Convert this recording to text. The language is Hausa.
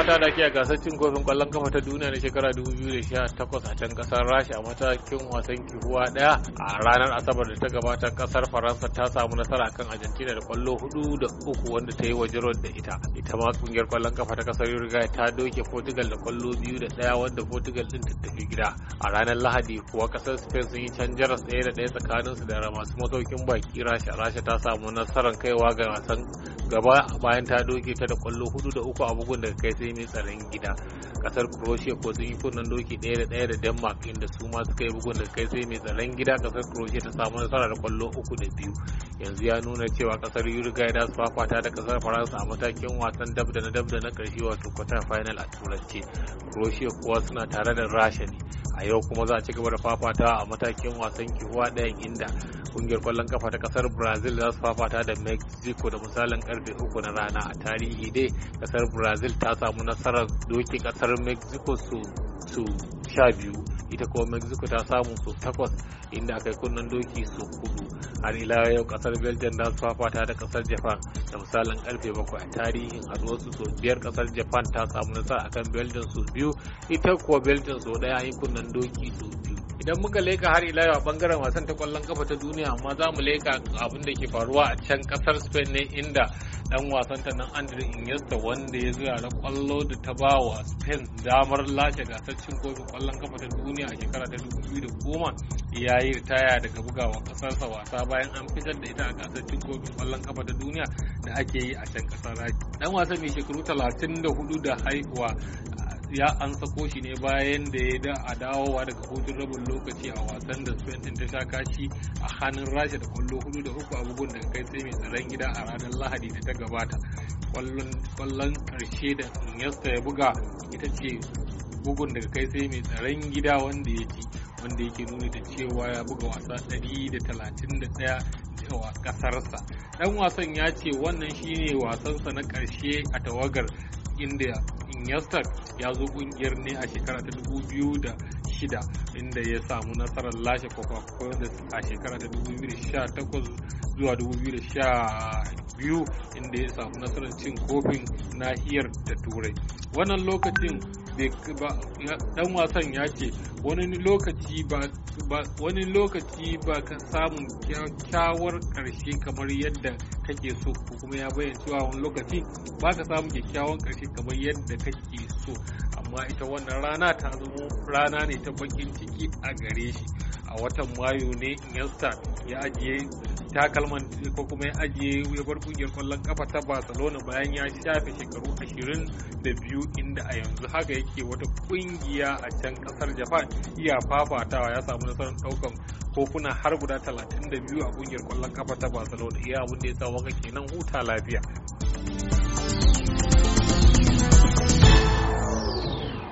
mata da ke a gasar cin kofin kwallon kafa ta duniya na shekara 2018 a can kasar rasha a matakin wasan kihuwa daya a ranar asabar da ta gabata kasar faransa ta samu nasara kan argentina da kwallo hudu da uku wanda ta yi wa da ita ita ma kungiyar kwallon kafa ta kasar uruguay ta doke portugal da kwallo biyu da daya wanda portugal din ta tafi gida a ranar lahadi kuwa kasar spain sun yi can jaras daya da daya tsakaninsu da masu masaukin baki rasha rasha ta samu nasarar kaiwa ga wasan gaba bayan ta doke ta da kwallo hudu da uku a bugun daga kai sai mai tsaron gida kasar croatia ko sun yi kunnen doki daya da daya da denmark inda su ma suka yi bugun daga kai sai mai tsaron gida kasar croatia ta samu nasara da kwallo uku da biyu yanzu ya nuna cewa kasar uruguay da su fafata da kasar faransa a matakin wasan dab da na dab da na karshe wato quarter final a turanci croatia kuwa suna tare da rasha ne a yau kuma za a ci gaba da fafata a matakin wasan kihuwa dayan inda kungiyar kwallon kafa ta kasar brazil za su fafata da mexico da misalin karfe uku na rana a tarihi dai kasar brazil ta samu nasarar doki kasar mexico su sha biyu ita kuma mexico ta samu su takwas inda aka yi kunnen doki su hudu har ila yau kasar belgium za su fafata da kasar japan da misalin karfe bakwai a tarihin haduwarsu sau biyar kasar japan ta samu nasara akan belgium su biyu ita kuwa belgium su daya yi kunnen doki su biyu idan muka leka har ila yau a bangaren wasan ta kwallon kafa ta duniya amma za mu leka abin da ke faruwa a can kasar spain ne inda dan wasan ta nan andre iniesta wanda ya zo da kwallo da ta ba wa spain damar lace gasar cin kofin kwallon kafa ta duniya a shekara ta goma ya yi ritaya daga bugawa kasarsa wasa bayan an fitar da ita a gasar cin kofin kwallon kafa ta duniya da ake yi a can kasar dan wasan mai shekaru hudu da haihuwa ya an sako shi ne bayan da ya da a dawowa daga hutun rabin lokaci a wasan da Spain din ta sha kashi a hannun Rasha da kwallo hudu da uku abubuwan bugun daga kai sai mai tsaron gida a ranar Lahadi da ta gabata. Kwallon karshe da Nyesta ya buga ita ce bugun daga kai sai mai tsaron gida wanda ya ci wanda yake nuni da cewa ya buga wasa 131 a kasarsa dan wasan ya ce wannan shine wasansa na karshe a tawagar inda yastar ya zo kungiyar ne a shekara ta 2006 inda ya samu nasarar lashe Coca-Cola a shekara ta 2018 zuwa 2012 inda ya samu nasarar cin kofin nahiyar da turai. Wannan lokacin dan wasan ya ce wani lokaci ba wani lokaci ba ka samun kyakkyawar karshe kamar yadda kake so ko kuma ya bayyana cewa wani lokaci ba ka samun kyakkyawan karshe kamar yadda kake so amma ita wannan rana ta zama rana ne ta bakin ciki a gare shi a watan mayu ne yasta ya ajiye takalman ko kuma ya ajiye ya bar kungiyar kwallon kafa ta barcelona bayan ya shafe shekaru ashirin da inda a yanzu haka yake wata kungiya a can kasar japan iya fafatawa ya samu nasarar daukan kofuna har guda 32 a kungiyar kwallon kafa ta barcelona iya abin da ya sa waka kenan huta lafiya